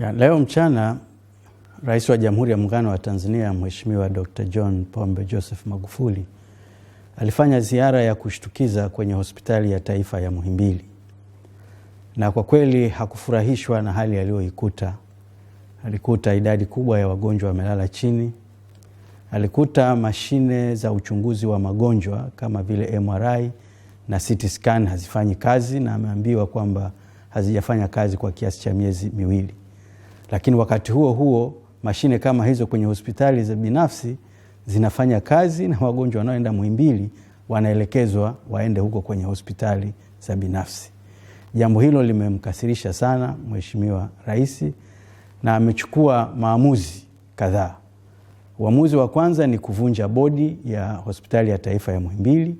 Ya, leo mchana Rais wa Jamhuri ya Muungano wa Tanzania Mheshimiwa Dr. John Pombe Joseph Magufuli alifanya ziara ya kushtukiza kwenye hospitali ya taifa ya Muhimbili, na kwa kweli hakufurahishwa na hali aliyoikuta. Alikuta idadi kubwa ya wagonjwa wamelala chini, alikuta mashine za uchunguzi wa magonjwa kama vile MRI na CT scan hazifanyi kazi, na ameambiwa kwamba hazijafanya kazi kwa kiasi cha miezi miwili. Lakini wakati huo huo mashine kama hizo kwenye hospitali za binafsi zinafanya kazi na wagonjwa wanaoenda Muhimbili wanaelekezwa waende huko kwenye hospitali za binafsi. Jambo hilo limemkasirisha sana Mheshimiwa Rais na amechukua maamuzi kadhaa. Uamuzi wa kwanza ni kuvunja bodi ya hospitali ya taifa ya Muhimbili,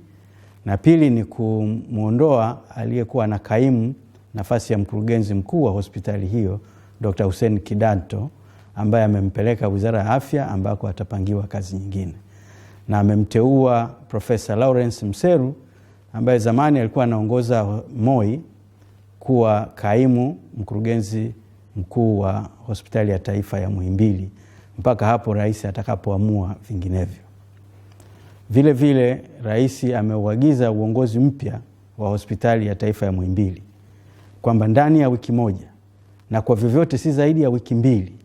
na pili ni kumwondoa aliyekuwa na kaimu nafasi ya mkurugenzi mkuu wa hospitali hiyo Dr. Hussein Kidato ambaye amempeleka Wizara ya Afya ambako atapangiwa kazi nyingine, na amemteua Profesa Lawrence Mseru ambaye zamani alikuwa anaongoza MOI kuwa kaimu mkurugenzi mkuu wa hospitali ya taifa ya Muhimbili mpaka hapo rais atakapoamua vinginevyo. Vile vile rais ameuagiza uongozi mpya wa hospitali ya taifa ya Muhimbili kwamba ndani ya wiki moja na kwa vyovyote si zaidi ya wiki mbili.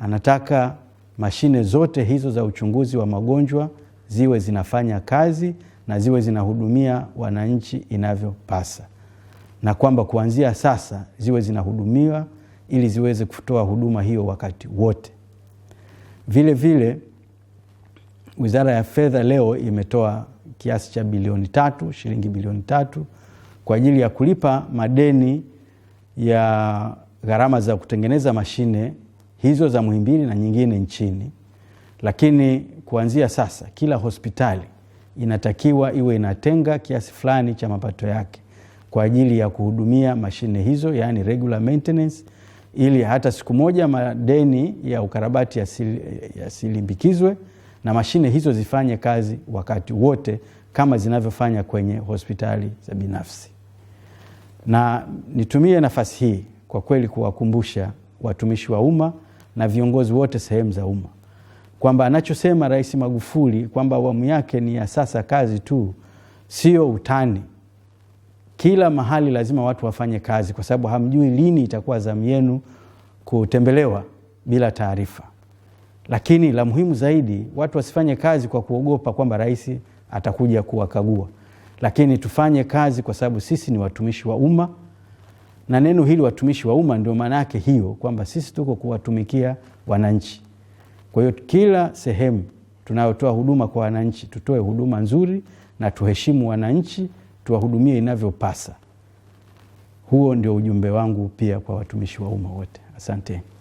Anataka mashine zote hizo za uchunguzi wa magonjwa ziwe zinafanya kazi na ziwe zinahudumia wananchi inavyopasa, na kwamba kuanzia sasa ziwe zinahudumiwa ili ziweze kutoa huduma hiyo wakati wote. Vile vile Wizara ya Fedha leo imetoa kiasi cha bilioni tatu, shilingi bilioni tatu kwa ajili ya kulipa madeni ya gharama za kutengeneza mashine hizo za Muhimbili na nyingine nchini, lakini kuanzia sasa kila hospitali inatakiwa iwe inatenga kiasi fulani cha mapato yake kwa ajili ya kuhudumia mashine hizo, yani regular maintenance, ili hata siku moja madeni ya ukarabati yasilimbikizwe ya na mashine hizo zifanye kazi wakati wote kama zinavyofanya kwenye hospitali za binafsi. Na nitumie nafasi hii kwa kweli kuwakumbusha watumishi wa umma na viongozi wote sehemu za umma kwamba anachosema Rais Magufuli kwamba awamu yake ni ya sasa kazi tu, sio utani. Kila mahali lazima watu wafanye kazi, kwa sababu hamjui lini itakuwa zamu yenu kutembelewa bila taarifa. Lakini la muhimu zaidi, watu wasifanye kazi kwa kuogopa kwamba rais atakuja kuwakagua, lakini tufanye kazi kwa sababu sisi ni watumishi wa umma na neno hili watumishi wa umma ndio maana yake hiyo, kwamba sisi tuko kuwatumikia wananchi. Kwa hiyo kila sehemu tunayotoa huduma kwa wananchi tutoe huduma nzuri na tuheshimu wananchi, tuwahudumie inavyopasa. Huo ndio ujumbe wangu pia kwa watumishi wa umma wote. Asanteni.